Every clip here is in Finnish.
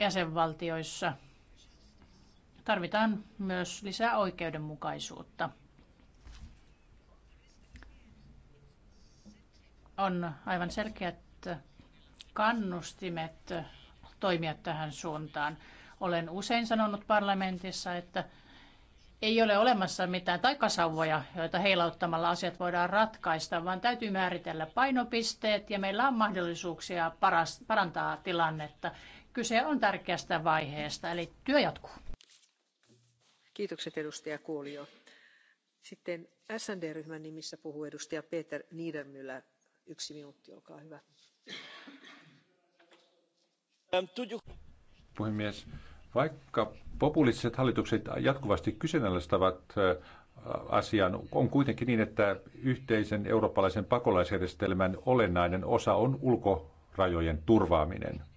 jäsenvaltioissa. Tarvitaan myös lisää oikeudenmukaisuutta. On aivan selkeät kannustimet toimia tähän suuntaan. Olen usein sanonut parlamentissa, että ei ole olemassa mitään taikasauvoja, joita heilauttamalla asiat voidaan ratkaista, vaan täytyy määritellä painopisteet ja meillä on mahdollisuuksia parantaa tilannetta. Kyse on tärkeästä vaiheesta, eli työ jatkuu. Kiitokset edustaja Kuolio. Sitten SND-ryhmän nimissä puhuu edustaja Peter Niedermüller. Yksi minuutti, olkaa hyvä. Puhemies, vaikka populistiset hallitukset jatkuvasti kyseenalaistavat asian, on kuitenkin niin, että yhteisen eurooppalaisen pakolaisjärjestelmän olennainen osa on ulkorajojen turvaaminen.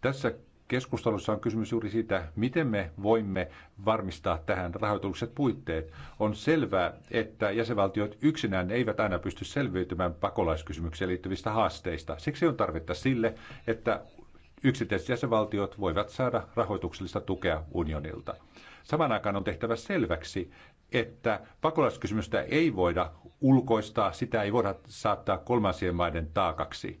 Tässä keskustelussa on kysymys juuri siitä, miten me voimme varmistaa tähän rahoitukset puitteet. On selvää, että jäsenvaltiot yksinään eivät aina pysty selviytymään pakolaiskysymykseen liittyvistä haasteista. Siksi on tarvetta sille, että yksittäiset jäsenvaltiot voivat saada rahoituksellista tukea unionilta. Saman aikaan on tehtävä selväksi, että pakolaiskysymystä ei voida ulkoistaa, sitä ei voida saattaa kolmansien maiden taakaksi –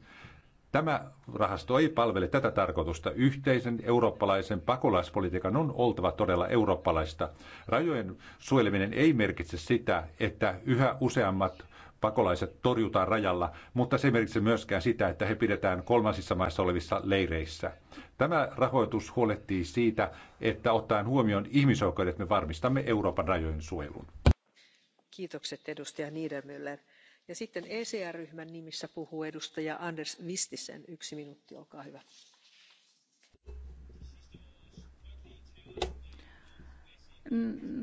Tämä rahasto ei palvele tätä tarkoitusta. Yhteisen eurooppalaisen pakolaispolitiikan on oltava todella eurooppalaista. Rajojen suojeleminen ei merkitse sitä, että yhä useammat pakolaiset torjutaan rajalla, mutta se merkitsee myöskään sitä, että he pidetään kolmansissa maissa olevissa leireissä. Tämä rahoitus huolehtii siitä, että ottaen huomioon ihmisoikeudet me varmistamme Euroopan rajojen suojelun. Kiitokset edustaja Niedermüller ja sitten ecr ryhmän nimissä puhuu edustaja Anders Vistisen. Yksi minuutti, olkaa hyvä.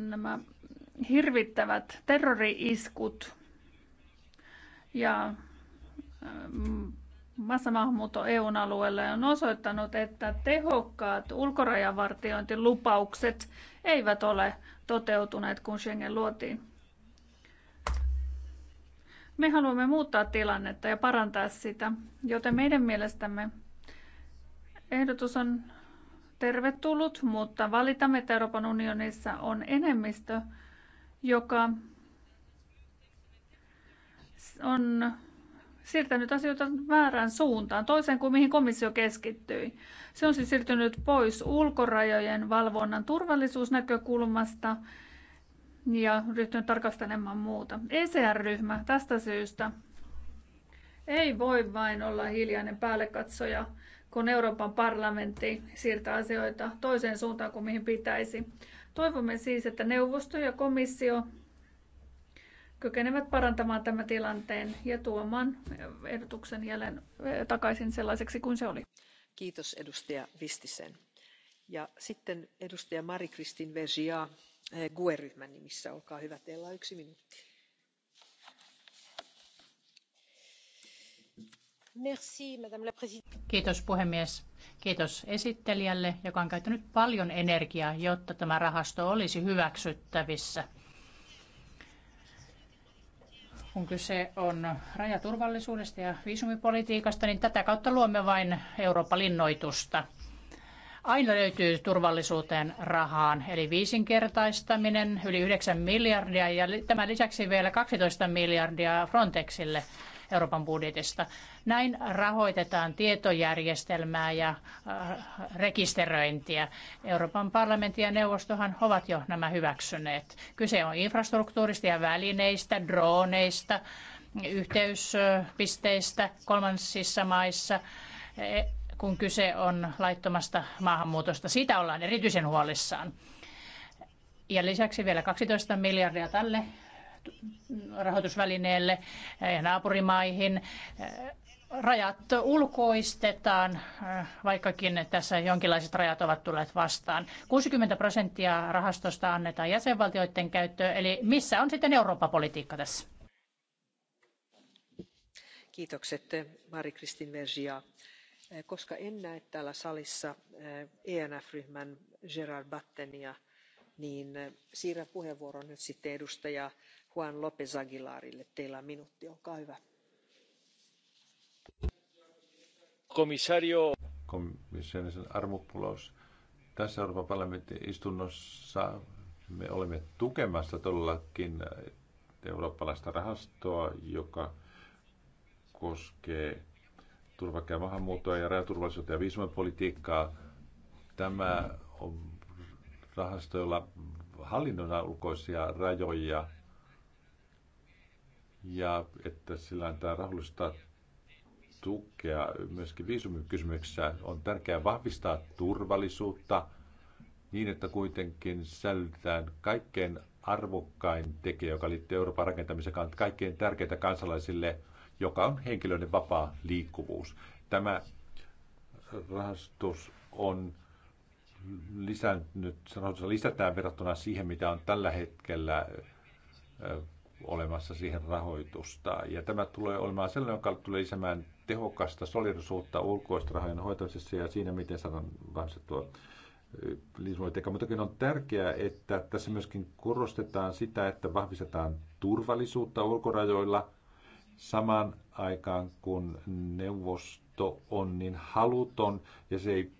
Nämä hirvittävät terrori-iskut ja mm, massamaahanmuutto EUn alueelle on osoittanut, että tehokkaat ulkorajavartiointilupaukset eivät ole toteutuneet, kun Schengen luotiin. Me haluamme muuttaa tilannetta ja parantaa sitä, joten meidän mielestämme ehdotus on tervetullut, mutta valitamme, että Euroopan unionissa on enemmistö, joka on siirtänyt asioita väärään suuntaan, toiseen kuin mihin komissio keskittyi. Se on siis siirtynyt pois ulkorajojen valvonnan turvallisuusnäkökulmasta ja ryhtynyt tarkastelemaan muuta. ECR-ryhmä tästä syystä ei voi vain olla hiljainen päällekatsoja, kun Euroopan parlamentti siirtää asioita toiseen suuntaan kuin mihin pitäisi. Toivomme siis, että neuvosto ja komissio kykenevät parantamaan tämän tilanteen ja tuomaan ehdotuksen jälleen eh, takaisin sellaiseksi kuin se oli. Kiitos edustaja Vistisen. Ja sitten edustaja Mari-Kristin Vergia Eh, Kiitos puhemies. Kiitos esittelijälle, joka on käyttänyt paljon energiaa, jotta tämä rahasto olisi hyväksyttävissä. Kun kyse on rajaturvallisuudesta ja viisumipolitiikasta, niin tätä kautta luomme vain Eurooppa-linnoitusta. Aina löytyy turvallisuuteen rahaan, eli viisinkertaistaminen, yli 9 miljardia ja tämän lisäksi vielä 12 miljardia Frontexille Euroopan budjetista. Näin rahoitetaan tietojärjestelmää ja äh, rekisteröintiä. Euroopan parlamentti ja neuvostohan ovat jo nämä hyväksyneet. Kyse on infrastruktuurista ja välineistä, droneista, yhteyspisteistä kolmansissa maissa e- kun kyse on laittomasta maahanmuutosta. Siitä ollaan erityisen huolissaan. Ja lisäksi vielä 12 miljardia tälle rahoitusvälineelle ja naapurimaihin. Rajat ulkoistetaan, vaikkakin tässä jonkinlaiset rajat ovat tulleet vastaan. 60 prosenttia rahastosta annetaan jäsenvaltioiden käyttöön, eli missä on sitten Eurooppa-politiikka tässä? Kiitokset, Mari-Kristin Vergia Eh, koska en näe täällä salissa enf eh, e ryhmän gerard battenia niin eh, siirrän puheenvuoron nyt sitten edustaja juan lpez aguilarille. teillä on minuutti olkaa hyvä. Komissario. armopulos. Tässä Euroopan parlamentin istunnossa me olemme tukemassa todellakin eurooppalaista rahastoa, joka koskee turvakia maahanmuuttoa ja rajaturvallisuutta ja viisumapolitiikkaa. Tämä on rahasto, jolla hallinnoidaan ulkoisia rajoja ja että sillä tämä rahoitusta tukea myöskin viisumikysymyksessä. On tärkeää vahvistaa turvallisuutta niin, että kuitenkin säilytetään kaikkein arvokkain tekijä, joka liittyy Euroopan rakentamiseen, kaikkein tärkeintä kansalaisille – joka on henkilöiden vapaa liikkuvuus. Tämä rahastus on lisännyt, sanotaan lisätään verrattuna siihen, mitä on tällä hetkellä olemassa siihen rahoitusta. Ja tämä tulee olemaan sellainen, joka tulee lisäämään tehokasta solidarisuutta ulkoista rahojen hoitamisessa ja siinä, miten saadaan vahvistettua lisävoiteikka. Mutta on tärkeää, että tässä myöskin korostetaan sitä, että vahvistetaan turvallisuutta ulkorajoilla – samaan aikaan, kun neuvosto on niin haluton ja se ei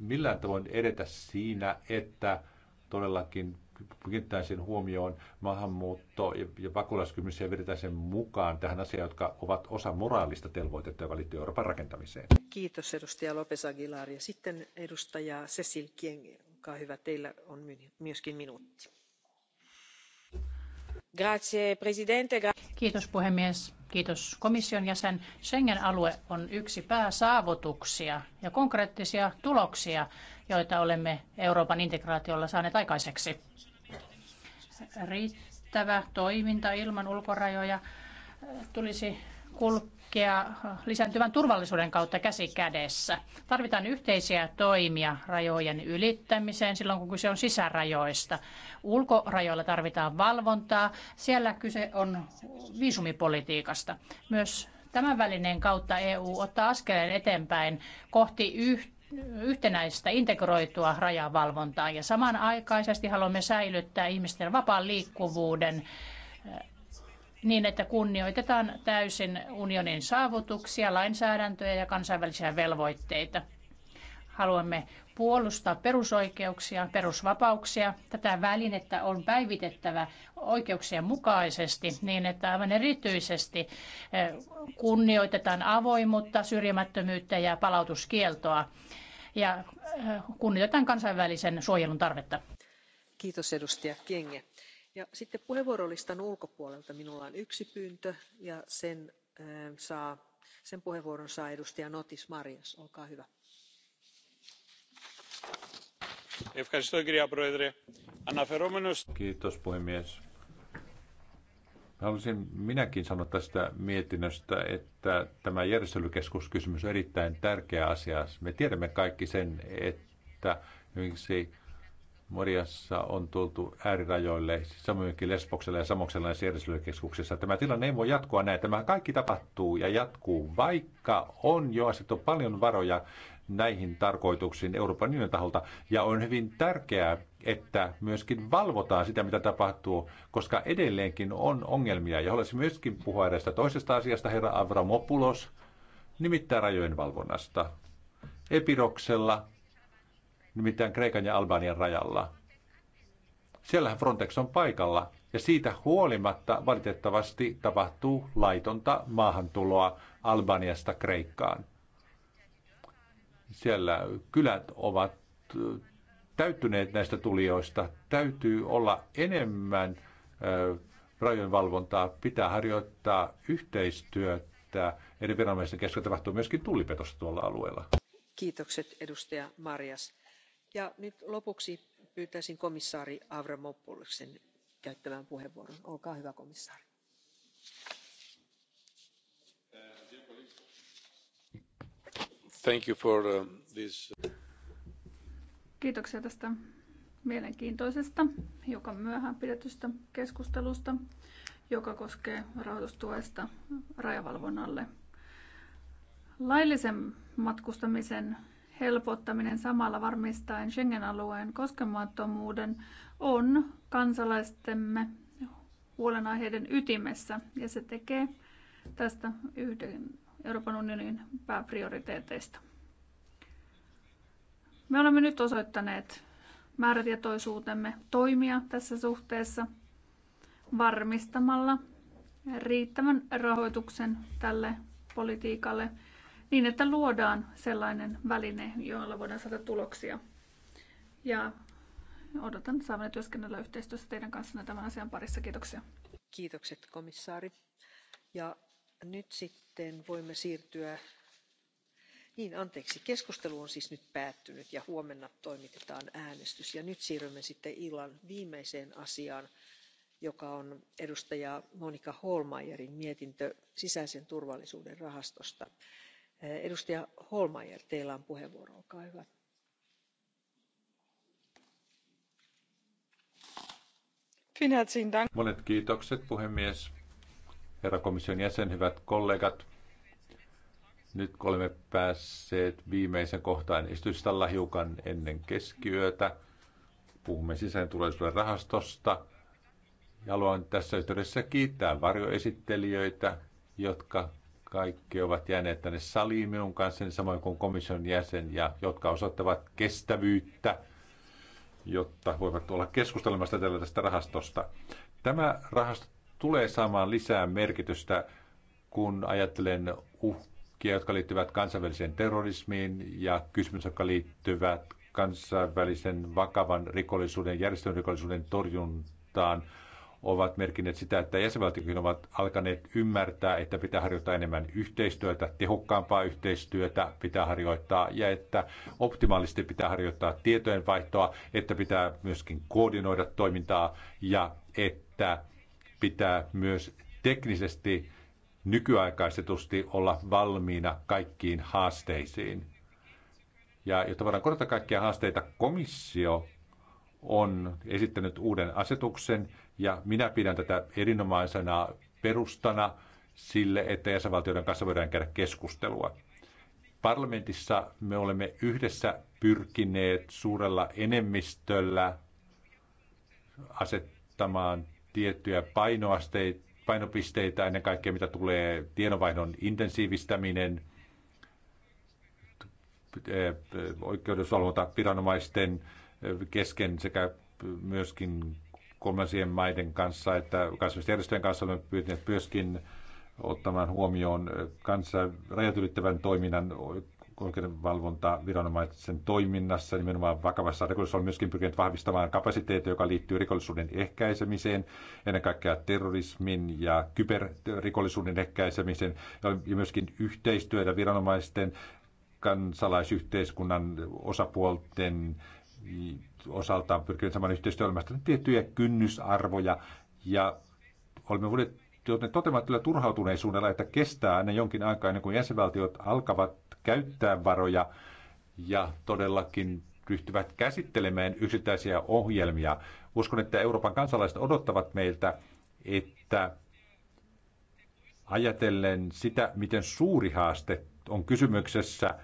millään tavoin edetä siinä, että todellakin kiinnittää sen huomioon maahanmuutto ja, ja pakolaiskymys ja vedetään sen mukaan tähän asiaan, jotka ovat osa moraalista telvoitetta, joka liittyy Euroopan rakentamiseen. Kiitos edustaja Lopes Aguilar. Ja sitten edustaja Cecil Kieng, on hyvä, teillä on myöskin minuutti. Grazie, presidente. Kiitos puhemies. Kiitos komission jäsen. Schengen-alue on yksi pääsaavutuksia ja konkreettisia tuloksia, joita olemme Euroopan integraatiolla saaneet aikaiseksi. Riittävä toiminta ilman ulkorajoja tulisi kulkea lisääntyvän turvallisuuden kautta käsi kädessä. Tarvitaan yhteisiä toimia rajojen ylittämiseen silloin, kun kyse on sisärajoista. Ulkorajoilla tarvitaan valvontaa. Siellä kyse on viisumipolitiikasta. Myös tämän välineen kautta EU ottaa askeleen eteenpäin kohti yhteen yhtenäistä integroitua rajavalvontaa ja samanaikaisesti haluamme säilyttää ihmisten vapaan liikkuvuuden niin, että kunnioitetaan täysin unionin saavutuksia, lainsäädäntöjä ja kansainvälisiä velvoitteita. Haluamme puolustaa perusoikeuksia, perusvapauksia. Tätä välinettä on päivitettävä oikeuksien mukaisesti niin, että aivan erityisesti eh, kunnioitetaan avoimuutta, syrjimättömyyttä ja palautuskieltoa ja eh, kunnioitetaan kansainvälisen suojelun tarvetta. Kiitos edustaja Kenge sitten puheenvuorolistan ulkopuolelta minulla on yksi pyyntö ja sen, saa, sen puheenvuoron saa edustaja Notis Marias. Olkaa hyvä. Kiitos puhemies. Haluaisin minäkin sanoa tästä mietinnöstä, että tämä järjestelykeskuskysymys on erittäin tärkeä asia. Me tiedämme kaikki sen, että esimerkiksi Moriassa on tultu äärirajoille, samoinkin Lesboksella ja Samoksella ja järjestelykeskuksessa. Tämä tilanne ei voi jatkua näin. Tämä kaikki tapahtuu ja jatkuu, vaikka on jo asettu paljon varoja näihin tarkoituksiin Euroopan unionin taholta. Ja on hyvin tärkeää, että myöskin valvotaan sitä, mitä tapahtuu, koska edelleenkin on ongelmia. Ja haluaisin myöskin puhua edestä toisesta asiasta, herra Avramopulos, nimittäin rajojen valvonnasta. Epiroksella nimittäin Kreikan ja Albanian rajalla. Siellähän Frontex on paikalla ja siitä huolimatta valitettavasti tapahtuu laitonta maahantuloa Albaniasta Kreikkaan. Siellä kylät ovat äh, täyttyneet näistä tulijoista. Täytyy olla enemmän äh, rajojenvalvontaa, pitää harjoittaa yhteistyötä eri viranomaisten kesken. Tapahtuu myöskin tullipetosta tuolla alueella. Kiitokset edustaja Marias ja nyt lopuksi pyytäisin komissaari Avramopoulosin käyttämään puheenvuoron. olkaa hyvä komissaari. Uh, uh, Kiitoksia tästä mielenkiintoisesta, hiukan myöhään pidetystä keskustelusta, joka koskee rahoitustuesta rajavalvonnalle. Laillisen matkustamisen helpottaminen samalla varmistaen Schengen-alueen koskemattomuuden on kansalaistemme huolenaiheiden ytimessä ja se tekee tästä yhden Euroopan unionin pääprioriteeteista. Me olemme nyt osoittaneet määrätietoisuutemme toimia tässä suhteessa varmistamalla riittävän rahoituksen tälle politiikalle – niin, että luodaan sellainen väline, jolla voidaan saada tuloksia. Ja odotan saavani työskennellä yhteistyössä teidän kanssanne tämän asian parissa. Kiitoksia. Kiitokset komissaari. Ja nyt sitten voimme siirtyä niin, anteeksi. Keskustelu on siis nyt päättynyt ja huomenna toimitetaan äänestys. Ja nyt siirrymme sitten illan viimeiseen asiaan, joka on edustaja Monika Holmeierin mietintö sisäisen turvallisuuden rahastosta. Eh, edustaja hohlmeier teillä on puheenvuoro olkaa hyvä. Monet kiitokset puhemies. Herra komission jäsen, hyvät kollegat. Nyt kun olemme päässeet viimeisen kohtaan esitystalla hiukan ennen keskiyötä. Puhumme sisäisen turvallisuuden rahastosta. Haluan tässä yhteydessä kiittää varjoesittelijöitä, jotka kaikki ovat jääneet tänne saliin minun niin samoin kuin komission jäsen, ja jotka osoittavat kestävyyttä, jotta voivat olla keskustelemassa tällä tästä rahastosta. Tämä rahasto tulee saamaan lisää merkitystä, kun ajattelen uhkia, jotka liittyvät kansainväliseen terrorismiin ja kysymys, jotka liittyvät kansainvälisen vakavan rikollisuuden, järjestön rikollisuuden torjuntaan – ovat merkinneet sitä, että jäsenvaltiokin ovat alkaneet ymmärtää, että pitää harjoittaa enemmän yhteistyötä, tehokkaampaa yhteistyötä pitää harjoittaa ja että optimaalisesti pitää harjoittaa tietojen vaihtoa, että pitää myöskin koordinoida toimintaa ja että pitää myös teknisesti nykyaikaistetusti olla valmiina kaikkiin haasteisiin. Ja jotta voidaan korottaa kaikkia haasteita, komissio on esittänyt uuden asetuksen, ja minä pidän tätä erinomaisena perustana sille, että jäsenvaltioiden kanssa voidaan käydä keskustelua. Parlamentissa me olemme yhdessä pyrkineet suurella enemmistöllä asettamaan tiettyjä painopisteitä, ennen kaikkea mitä tulee tiedonvaihdon intensiivistäminen, eh, oikeudenvalvontaviranomaisten kesken sekä myöskin kolmansien maiden kanssa, että kansainvälisten kanssa olemme pyytäneet myöskin ottamaan huomioon kanssa rajat ylittävän toiminnan oikeudenvalvonta viranomaisen toiminnassa, nimenomaan vakavassa rikollisuudessa on myöskin pyrkinyt vahvistamaan kapasiteettia, joka liittyy rikollisuuden ehkäisemiseen, ennen kaikkea terrorismin ja kyberrikollisuuden ehkäisemiseen, ja myöskin yhteistyötä viranomaisten, kansalaisyhteiskunnan osapuolten osaltaan pyrkinyt saman yhteistyöelämästä tiettyjä kynnysarvoja ja olemme voineet joutuneet toteamaan kyllä turhautuneisuudella, että kestää aina jonkin aikaa ennen kuin jäsenvaltiot alkavat käyttää varoja ja todellakin ryhtyvät käsittelemään yksittäisiä ohjelmia. Uskon, että Euroopan kansalaiset odottavat meiltä, että ajatellen sitä, miten suuri haaste on kysymyksessä –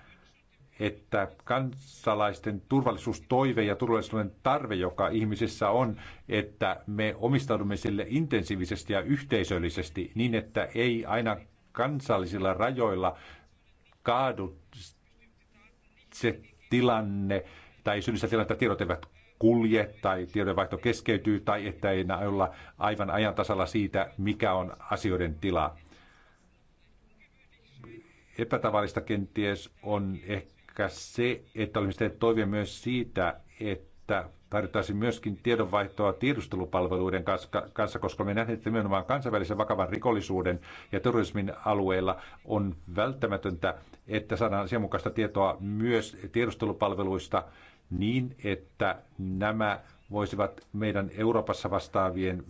että kansalaisten turvallisuustoive ja turvallisuuden tarve, joka ihmisissä on, että me omistaudumme sille intensiivisesti ja yhteisöllisesti niin, että ei aina kansallisilla rajoilla kaadu se tilanne tai synnyssä tilanne, että tiedot eivät kulje tai tiedonvaihto keskeytyy tai että ei enää olla aivan ajan tasalla siitä, mikä on asioiden tila. Epätavallista kenties on ehkä ehkä se, että olemme tehneet toivia myös siitä, että tarvittaisiin myöskin tiedonvaihtoa tiedustelupalveluiden kanssa, koska me nähdään, että nimenomaan kansainvälisen vakavan rikollisuuden ja terrorismin alueella on välttämätöntä, että saadaan asianmukaista tietoa myös tiedustelupalveluista niin, että nämä voisivat meidän Euroopassa vastaavien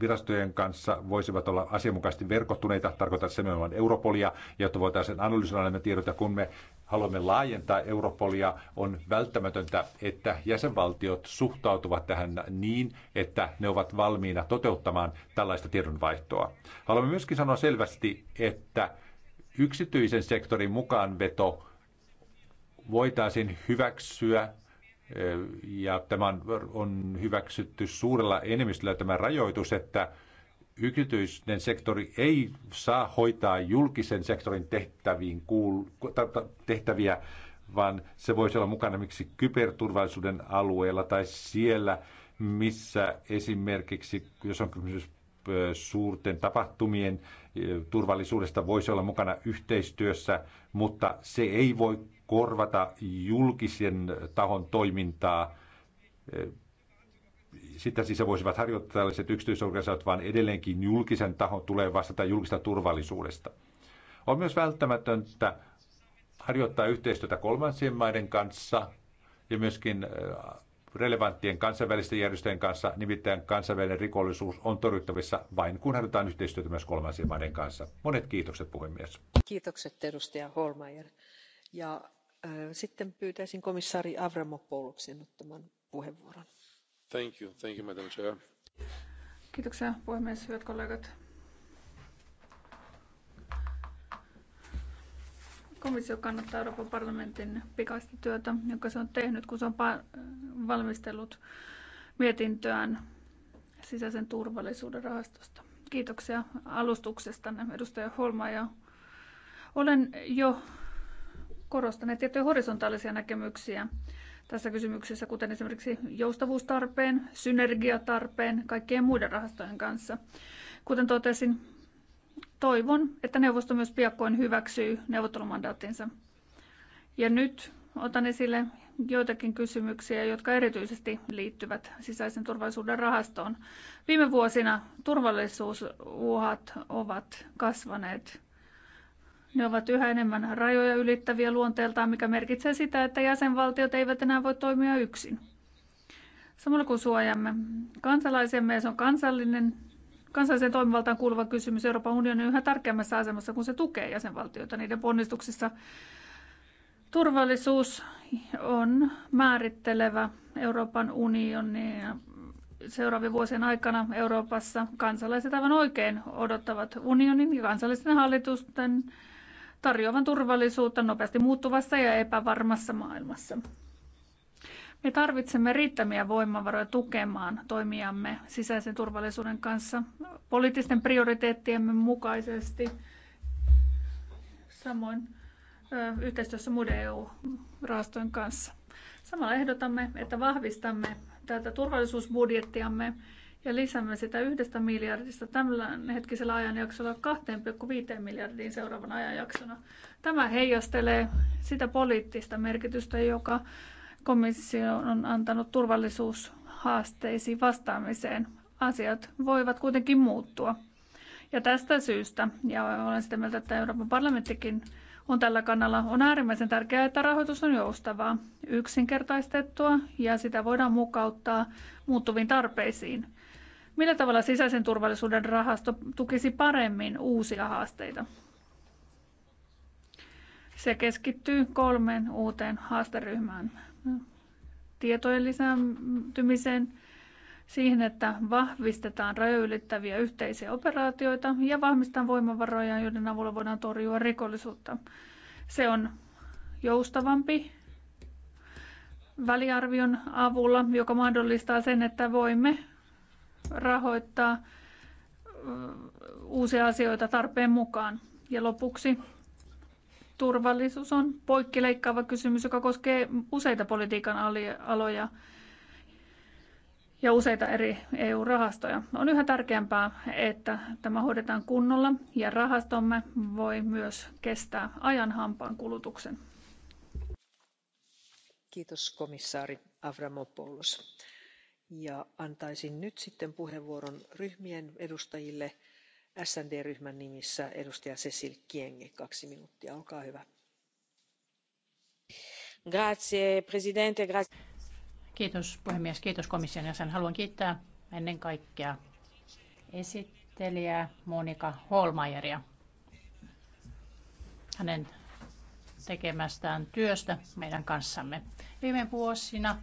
virastojen kanssa voisivat olla asianmukaisesti verkottuneita, tarkoittaa se nimenomaan Europolia, jotta voitaisiin analysoida nämä tiedot, ja kun me haluamme laajentaa Europolia, on välttämätöntä, että jäsenvaltiot suhtautuvat tähän niin, että ne ovat valmiina toteuttamaan tällaista tiedonvaihtoa. Haluamme myöskin sanoa selvästi, että yksityisen sektorin mukaanveto voitaisiin hyväksyä eh, ja tämä on hyväksytty suurella enemmistöllä tämä rajoitus, että yksityinen sektori ei saa hoitaa julkisen sektorin tehtäviin kuul- tehtäviä, vaan se voisi olla mukana miksi kyberturvallisuuden alueella tai siellä, missä esimerkiksi, jos on kysymys suurten tapahtumien turvallisuudesta, voisi olla mukana yhteistyössä, mutta se ei voi korvata julkisen tahon toimintaa sitä siis voisivat harjoittaa tällaiset yksityisorganisaatiot, vaan edelleenkin julkisen tahon tulee vastata julkista turvallisuudesta. On myös välttämätöntä harjoittaa yhteistyötä kolmansien maiden kanssa ja myöskin äh, relevanttien kansainvälisten järjestöjen kanssa, nimittäin kansainvälinen rikollisuus on torjuttavissa vain, kun harjoitetaan yhteistyötä myös kolmansien maiden kanssa. Monet kiitokset, puhemies. Kiitokset, edustaja Holmeier. Ja äh, sitten pyytäisin komissaari Avramopouluksen ottamaan puheenvuoron. Thank you, thank you, Madam Chair. Kiitoksia puhemies, hyvät kollegat. Komissio kannattaa Euroopan parlamentin pikaista työtä, jonka se on tehnyt, kun se on valmistellut mietintöään sisäisen turvallisuuden rahastosta. Kiitoksia alustuksestanne, edustaja Holma. Ja olen jo korostanut tiettyjä horisontaalisia näkemyksiä tässä kysymyksessä, kuten esimerkiksi joustavuustarpeen, synergiatarpeen, kaikkien muiden rahastojen kanssa. Kuten totesin, toivon, että neuvosto myös piakkoin hyväksyy neuvottelumandaattinsa. Ja nyt otan esille joitakin kysymyksiä, jotka erityisesti liittyvät sisäisen turvallisuuden rahastoon. Viime vuosina turvallisuusuhat ovat kasvaneet ne ovat yhä enemmän rajoja ylittäviä luonteeltaan, mikä merkitsee sitä, että jäsenvaltiot eivät enää voi toimia yksin. Samalla kun suojamme kansalaisemme, se on kansallinen, kansalliseen toimivaltaan kuuluva kysymys, Euroopan unioni on yhä tärkeämmässä asemassa, kun se tukee jäsenvaltioita niiden ponnistuksissa. Turvallisuus on määrittelevä Euroopan unionin seuraavien vuosien aikana Euroopassa kansalaiset aivan oikein odottavat unionin ja kansallisten hallitusten tarjoavan turvallisuutta nopeasti muuttuvassa ja epävarmassa maailmassa. Me tarvitsemme riittämiä voimavaroja tukemaan toimijamme sisäisen turvallisuuden kanssa poliittisten prioriteettiemme mukaisesti, samoin yhteistyössä muiden EU-rahastojen kanssa. Samalla ehdotamme, että vahvistamme tätä turvallisuusbudjettiamme ja lisäämme sitä yhdestä miljardista tämänhetkisellä ajanjaksolla 2,5 miljardiin seuraavana ajanjaksona. Tämä heijastelee sitä poliittista merkitystä, joka komissio on antanut turvallisuushaasteisiin vastaamiseen. Asiat voivat kuitenkin muuttua. Ja tästä syystä, ja olen sitä mieltä, että Euroopan parlamenttikin on tällä kannalla, on äärimmäisen tärkeää, että rahoitus on joustavaa, yksinkertaistettua ja sitä voidaan mukauttaa muuttuviin tarpeisiin. Millä tavalla sisäisen turvallisuuden rahasto tukisi paremmin uusia haasteita? Se keskittyy kolmeen uuteen haasteryhmään. Tietojen lisääntymiseen, siihen, että vahvistetaan rajoylittäviä yhteisiä operaatioita ja vahvistetaan voimavaroja, joiden avulla voidaan torjua rikollisuutta. Se on joustavampi väliarvion avulla, joka mahdollistaa sen, että voimme rahoittaa uusia asioita tarpeen mukaan. Ja lopuksi turvallisuus on poikkileikkaava kysymys, joka koskee useita politiikan aloja ja useita eri EU-rahastoja. On yhä tärkeämpää, että tämä hoidetaan kunnolla ja rahastomme voi myös kestää ajan hampaan kulutuksen. Kiitos komissaari Avramopoulos ja antaisin nyt sitten puheenvuoron ryhmien edustajille. SND-ryhmän nimissä edustaja Cecil kyenge kaksi minuuttia, olkaa hyvä. Grazie, presidente. Grazie. Kiitos puhemies, kiitos komission jäsen. Haluan kiittää ennen kaikkea esittelijää Monika Holmajeria hänen tekemästään työstä meidän kanssamme. Viime vuosina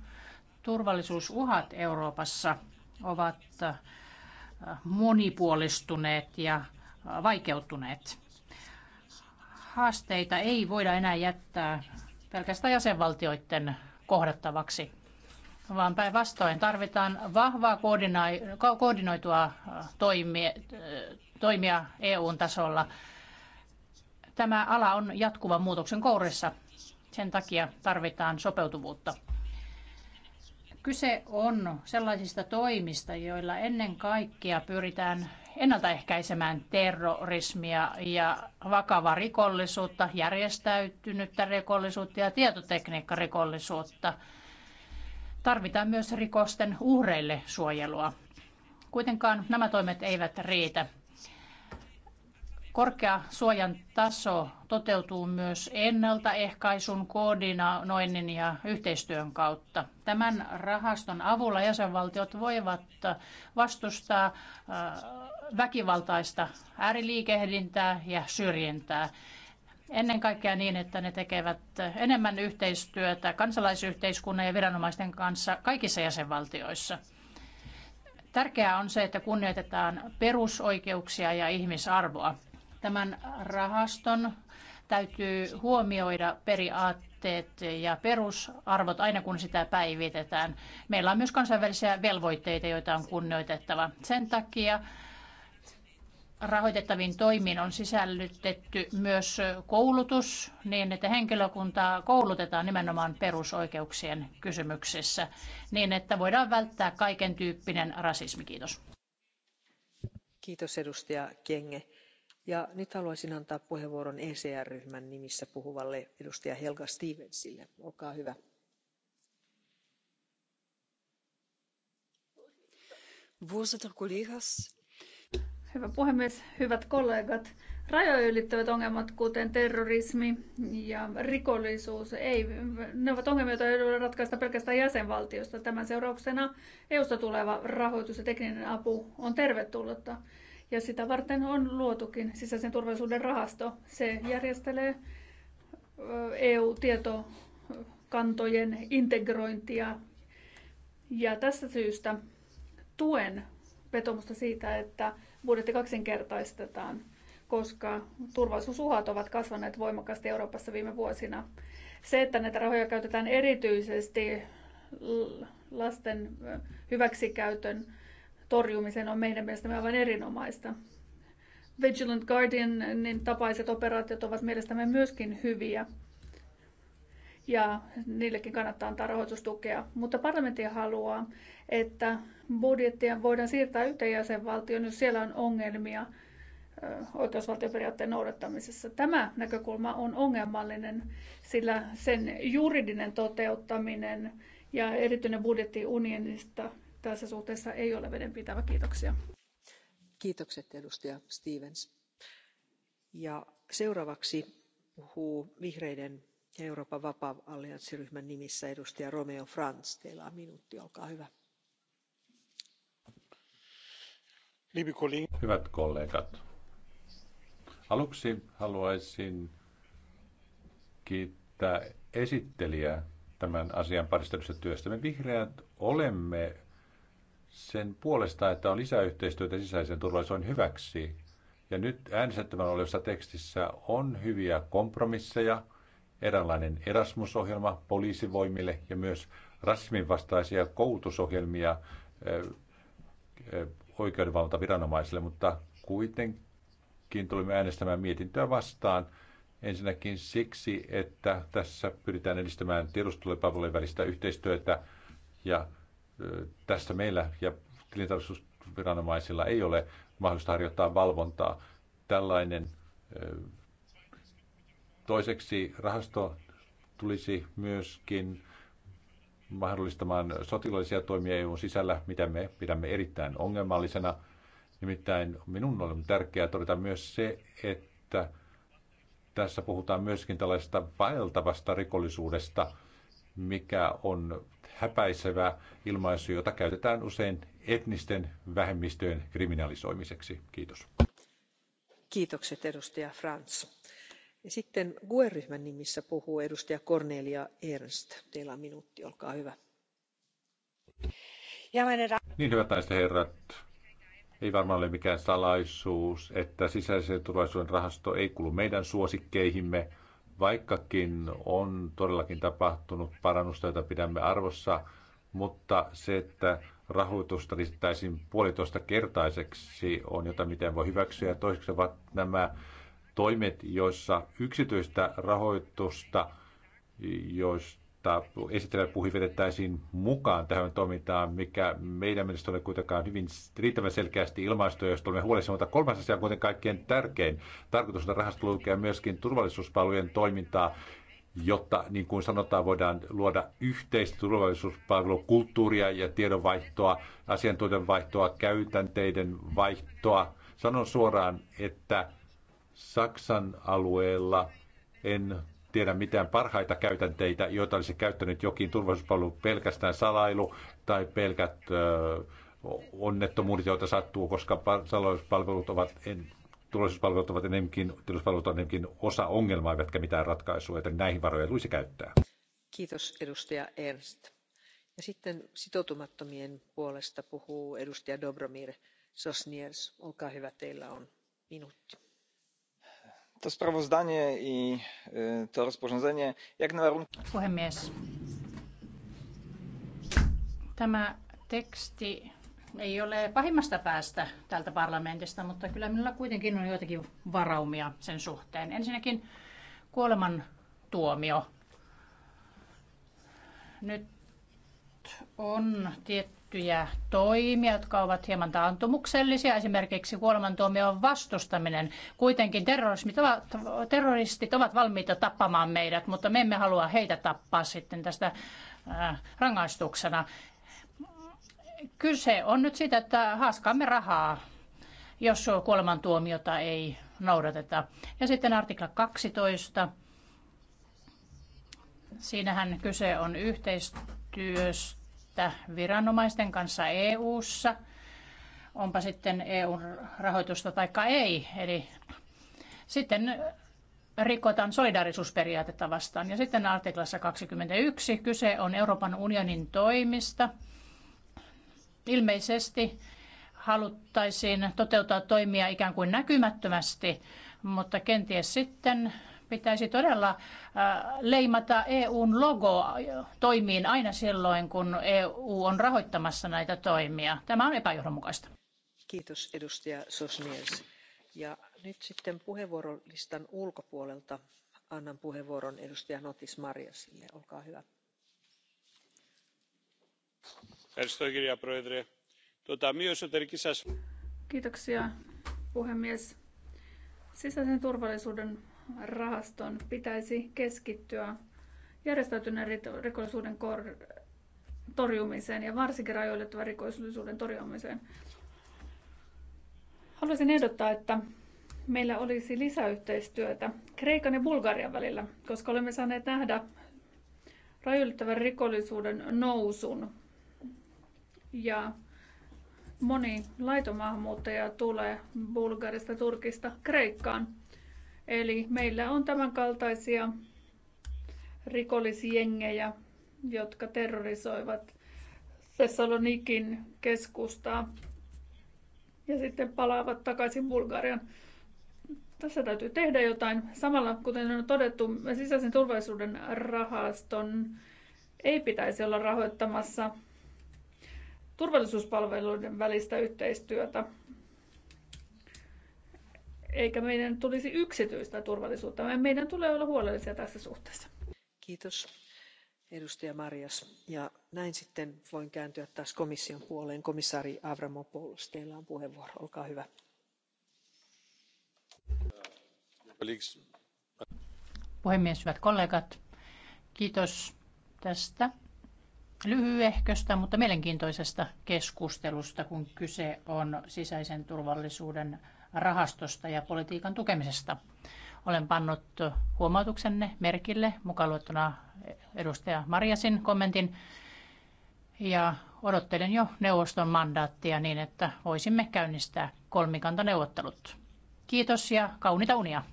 turvallisuusuhat Euroopassa ovat äh, monipuolistuneet ja äh, vaikeutuneet. Haasteita ei voida enää jättää pelkästään jäsenvaltioiden kohdattavaksi, vaan päinvastoin tarvitaan vahvaa koordinoitua äh, toimia EUn tasolla. Tämä ala on jatkuvan muutoksen kourissa. Sen takia tarvitaan sopeutuvuutta. Kyse on sellaisista toimista, joilla ennen kaikkea pyritään ennaltaehkäisemään terrorismia ja vakavaa rikollisuutta, järjestäytynyttä rikollisuutta ja tietotekniikkarikollisuutta. Tarvitaan myös rikosten uhreille suojelua. Kuitenkaan nämä toimet eivät riitä. Korkea suojan taso toteutuu myös ennaltaehkäisyn, koordinoinnin ja yhteistyön kautta. Tämän rahaston avulla jäsenvaltiot voivat vastustaa äh, väkivaltaista ääriliikehdintää ja syrjintää. Ennen kaikkea niin, että ne tekevät enemmän yhteistyötä kansalaisyhteiskunnan ja viranomaisten kanssa kaikissa jäsenvaltioissa. Tärkeää on se, että kunnioitetaan perusoikeuksia ja ihmisarvoa. Tämän rahaston täytyy huomioida periaatteet ja perusarvot aina kun sitä päivitetään. Meillä on myös kansainvälisiä velvoitteita, joita on kunnioitettava. Sen takia rahoitettaviin toimiin on sisällytetty myös koulutus niin, että henkilökuntaa koulutetaan nimenomaan perusoikeuksien kysymyksissä niin, että voidaan välttää kaiken tyyppinen rasismi. Kiitos. Kiitos edustaja Kenge ja nyt haluaisin antaa puheenvuoron ecr ryhmän nimissä puhuvalle edustaja helga stevensille olkaa hyvä. voorzitter Hyvä puhemies, hyvät kollegat. Rajoja ylittävät ongelmat, kuten terrorismi ja rikollisuus, ei, ne ovat ongelmia, joita ei ole ratkaista pelkästään jäsenvaltiosta. Tämän seurauksena EUsta tuleva rahoitus ja tekninen apu on tervetullutta. Ja sitä varten on luotukin sisäisen turvallisuuden rahasto. Se järjestelee EU-tietokantojen integrointia. Ja tästä syystä tuen vetomusta siitä, että budjetti kaksinkertaistetaan, koska turvallisuusuhat ovat kasvaneet voimakkaasti Euroopassa viime vuosina. Se, että näitä rahoja käytetään erityisesti lasten hyväksikäytön torjumisen on meidän mielestämme aivan erinomaista. Vigilant Guardianin tapaiset operaatiot ovat mielestämme myöskin hyviä ja niillekin kannattaa antaa rahoitustukea. Mutta parlamentti haluaa, että budjettia voidaan siirtää yhteen jäsenvaltioon, jos siellä on ongelmia oikeusvaltioperiaatteen noudattamisessa. Tämä näkökulma on ongelmallinen, sillä sen juridinen toteuttaminen ja erityinen budjetti unionista tässä suhteessa ei ole vedenpitävä. Kiitoksia. Kiitokset edustaja Stevens. Ja seuraavaksi puhuu vihreiden ja Euroopan vapaa allianssiryhmän nimissä edustaja Romeo Franz. Teillä on minuutti, olkaa hyvä. Hyvät kollegat, aluksi haluaisin kiittää esittelijää tämän asian parissa työstä. Me vihreät olemme sen puolesta, että on lisää yhteistyötä sisäisen turvallisuuden hyväksi. Ja nyt äänestettävän olevassa tekstissä on hyviä kompromisseja, eräänlainen Erasmus-ohjelma poliisivoimille ja myös rasismin vastaisia koulutusohjelmia oikeudenvaltaviranomaisille, mutta kuitenkin tulimme äänestämään mietintöä vastaan. Ensinnäkin siksi, että tässä pyritään edistämään tiedustelupalvelujen välistä yhteistyötä ja tästä meillä ja tilintarkastusviranomaisilla ei ole mahdollista harjoittaa valvontaa. Tällainen toiseksi rahasto tulisi myöskin mahdollistamaan sotilaallisia toimia EUn sisällä, mitä me pidämme erittäin ongelmallisena. Nimittäin minun on tärkeää todeta myös se, että tässä puhutaan myöskin tällaista vaeltavasta rikollisuudesta – mikä on häpäisevä ilmaisu, jota käytetään usein etnisten vähemmistöjen kriminalisoimiseksi. Kiitos. Kiitokset edustaja Frans. Sitten GUE-ryhmän nimissä puhuu edustaja Cornelia Ernst. Teillä on minuutti, olkaa hyvä. Niin hyvät naiset herrat, ei varmaan ole mikään salaisuus, että sisäisen turvallisuuden rahasto ei kuulu meidän suosikkeihimme – vaikkakin on todellakin tapahtunut parannusta, jota pidämme arvossa, mutta se, että rahoitusta lisättäisiin puolitoista kertaiseksi on jotain, mitä voi hyväksyä. Ja toiseksi ovat nämä toimet, joissa yksityistä rahoitusta, jos että esittelevä puhi vedettäisiin mukaan tähän toimintaan, mikä meidän mielestä oli kuitenkaan hyvin riittävän selkeästi ilmaistu, jos tulemme huolissamme. Mutta kolmas asia on kuitenkin kaikkein tärkein. Tarkoitus on rahasta lukea myöskin turvallisuuspalvelujen toimintaa, jotta niin kuin sanotaan, voidaan luoda yhteistä turvallisuuspalvelukulttuuria ja tiedonvaihtoa, asiantuntijan vaihtoa, käytänteiden vaihtoa. Sanon suoraan, että Saksan alueella en tiedä mitään parhaita käytänteitä, joita olisi käyttänyt jokin turvallisuuspalvelu, pelkästään salailu tai pelkät äh, onnettomuudet, joita sattuu, koska salailuspalvelut ovat en, turvallisuuspalvelut ovat enemmänkin, turvallisuuspalvelut ovat enemmänkin osa ongelmaa, eivätkä mitään ratkaisua, joten näihin varoja tulisi käyttää. Kiitos edustaja Ernst. Ja sitten sitoutumattomien puolesta puhuu edustaja Dobromir Sosniers. Olkaa hyvä, teillä on minuutti to sprawozdanie i to rozporządzenie jak na Puhemies. Tämä teksti ei ole pahimmasta päästä tältä parlamentista, mutta kyllä minulla kuitenkin on joitakin varaumia sen suhteen. Ensinnäkin kuoleman tuomio. Nyt on tiettyjä toimia, jotka ovat hieman taantumuksellisia, esimerkiksi on vastustaminen. Kuitenkin terrorismit ovat, terroristit ovat valmiita tappamaan meidät, mutta me emme halua heitä tappaa sitten tästä äh, rangaistuksena. Kyse on nyt siitä, että haaskaamme rahaa, jos kuolemantuomiota ei noudateta. Ja sitten artikla 12. Siinähän kyse on yhteistyöstä että viranomaisten kanssa EU:ssa, onpa sitten EUn rahoitusta tai ei. Eli sitten rikotaan solidaarisuusperiaatetta vastaan. Ja sitten artiklassa 21 kyse on Euroopan unionin toimista. Ilmeisesti haluttaisiin toteuttaa toimia ikään kuin näkymättömästi, mutta kenties sitten pitäisi todella äh, leimata EUn logo toimiin aina silloin, kun EU on rahoittamassa näitä toimia. Tämä on epäjohdonmukaista. Kiitos edustaja Sosniers. Ja nyt sitten puheenvuorolistan ulkopuolelta annan puheenvuoron edustaja Notis Mariasille. Olkaa hyvä. Tuota, Kiitoksia puhemies. Sisäisen turvallisuuden rahaston pitäisi keskittyä järjestäytyneen rikollisuuden torjumiseen ja varsinkin rajoitettavan rikollisuuden torjumiseen. Haluaisin ehdottaa, että meillä olisi lisäyhteistyötä Kreikan ja Bulgarian välillä, koska olemme saaneet nähdä rajoittavan rikollisuuden nousun. Ja moni laitomaahanmuuttaja tulee Bulgarista, Turkista, Kreikkaan – Eli meillä on tämänkaltaisia rikollisjengejä, jotka terrorisoivat Thessalonikin keskustaa ja sitten palaavat takaisin Bulgarian. Tässä täytyy tehdä jotain. Samalla, kuten on todettu, sisäisen turvallisuuden rahaston ei pitäisi olla rahoittamassa turvallisuuspalveluiden välistä yhteistyötä eikä meidän tulisi yksityistä turvallisuutta. Meidän tulee olla huolellisia tässä suhteessa. Kiitos edustaja Marias. Ja näin sitten voin kääntyä taas komission puoleen. Komissaari Avramopoulos, teillä on puheenvuoro. Olkaa hyvä. Puhemies, hyvät kollegat, kiitos tästä lyhyehköstä, mutta mielenkiintoisesta keskustelusta, kun kyse on sisäisen turvallisuuden rahastosta ja politiikan tukemisesta. Olen pannut huomautuksenne merkille, mukaan luettuna edustaja Marjasin kommentin, ja odottelen jo neuvoston mandaattia niin, että voisimme käynnistää kolmikantaneuvottelut. Kiitos ja kaunita unia.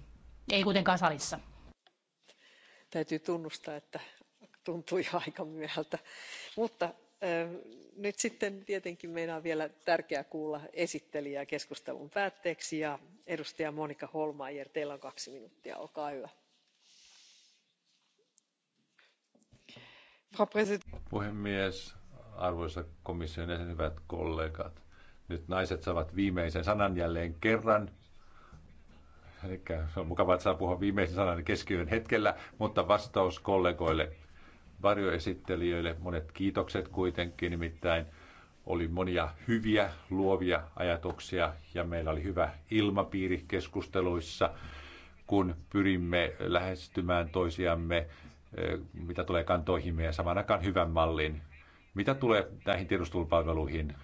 Ei kuitenkaan salissa. Täytyy tunnustaa, että tuntui aika myöhältä, mutta nyt sitten tietenkin meidän on vielä tärkeää kuulla esittelijää keskustelun päätteeksi ja edustaja Monika hohlmeier teillä on kaksi minuuttia, olkaa hyvä. Puhemies, arvoisa komission jäsen, hyvät kollegat. Nyt naiset saavat viimeisen sanan jälleen kerran. Eli on mukavaa, että saa puhua viimeisen sanan keskiön hetkellä, mutta vastaus kollegoille – varjoesittelijöille. Monet kiitokset kuitenkin, nimittäin oli monia hyviä, luovia ajatuksia ja meillä oli hyvä ilmapiiri keskusteluissa, kun pyrimme lähestymään toisiamme, eh, mitä tulee kantoihimme ja aikaan hyvän mallin. Mitä tulee näihin tiedustelupalveluihin,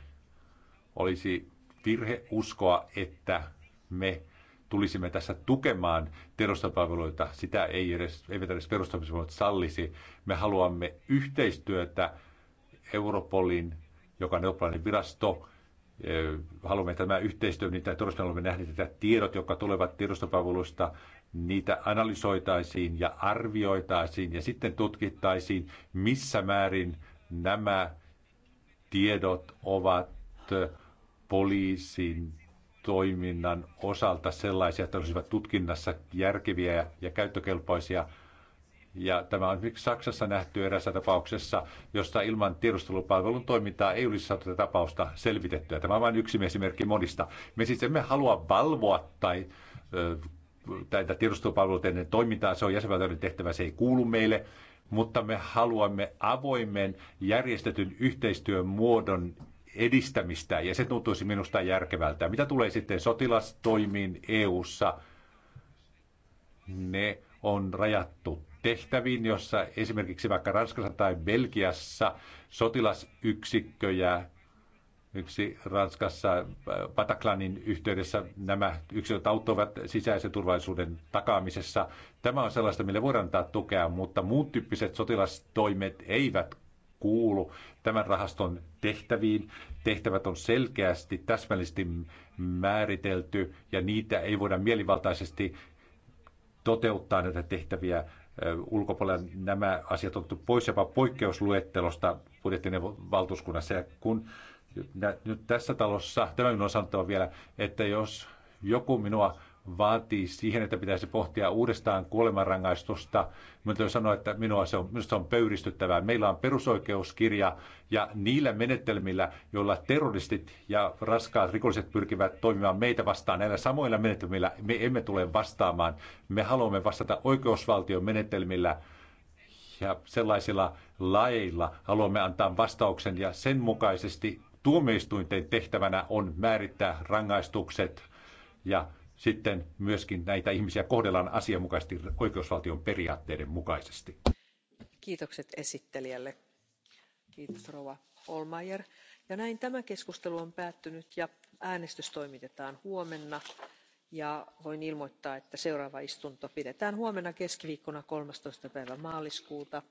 olisi virhe uskoa, että me tulisimme tässä tukemaan tiedostopalveluita. Sitä ei edes, eivät edes perustamisvoimat sallisi. Me haluamme yhteistyötä Europolin, joka on eurooppalainen virasto, haluamme tämä yhteistyö, niitä todella haluamme nähdä, että tiedot, jotka tulevat tiedostopalveluista, niitä analysoitaisiin ja arvioitaisiin ja sitten tutkittaisiin, missä määrin nämä tiedot ovat poliisin toiminnan osalta sellaisia, että olisivat tutkinnassa järkeviä ja käyttökelpoisia. Ja tämä on esimerkiksi Saksassa nähty erässä tapauksessa, jossa ilman tiedustelupalvelun toimintaa ei olisi saatu tätä tapausta selvitettyä. Tämä on vain yksi esimerkki monista. Me siis emme halua valvoa tai tätä tiedustelupalveluiden toimintaa, se on jäsenvaltioiden tehtävä, se ei kuulu meille, mutta me haluamme avoimen järjestetyn yhteistyön muodon edistämistä, ja se tuntuisi minusta järkevältä. Mitä tulee sitten sotilastoimiin EU-ssa, ne on rajattu tehtäviin, jossa esimerkiksi vaikka Ranskassa tai Belgiassa sotilasyksikköjä, yksi Ranskassa Bataclanin äh, yhteydessä nämä yksilöt auttavat sisäisen turvallisuuden takaamisessa. Tämä on sellaista, mille voidaan antaa tukea, mutta muut tyyppiset sotilastoimet eivät kuulu tämän rahaston tehtäviin. Tehtävät on selkeästi, täsmällisesti määritelty ja niitä ei voida mielivaltaisesti toteuttaa näitä tehtäviä ulkopuolella nämä asiat on pois jopa poikkeusluettelosta budjettinen valtuuskunnassa. Ja kun nyt tässä talossa, tämä minun on sanottava vielä, että jos joku minua vaatii siihen, että pitäisi pohtia uudestaan kuolemanrangaistusta. Minun täytyy sanoa, että minua se on, minusta on pöyristyttävää. Meillä on perusoikeuskirja ja niillä menetelmillä, joilla terroristit ja raskaat rikolliset pyrkivät toimimaan meitä vastaan, näillä samoilla menetelmillä me emme tule vastaamaan. Me haluamme vastata oikeusvaltion menetelmillä ja sellaisilla laeilla haluamme antaa vastauksen ja sen mukaisesti tuomioistuinten tehtävänä on määrittää rangaistukset ja sitten myöskin näitä ihmisiä kohdellaan asianmukaisesti oikeusvaltion periaatteiden mukaisesti. Kiitokset esittelijälle. Kiitos Rova Holmeier. Ja näin tämä keskustelu on päättynyt ja äänestys toimitetaan huomenna. Ja voin ilmoittaa, että seuraava istunto pidetään huomenna keskiviikkona 13. päivä maaliskuuta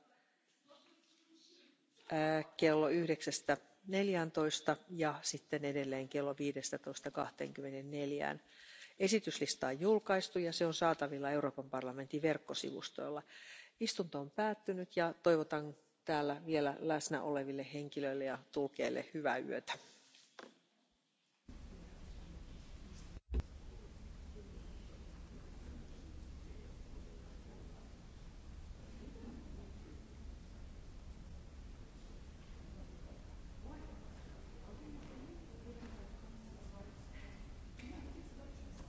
kello 9.14 ja sitten edelleen kello 15.24 esityslista on julkaistu ja se on saatavilla euroopan parlamentin verkkosivustoilla. istunto on päättynyt ja toivotan täällä vielä läsnä oleville henkilöille ja tulkeille hyvää yötä.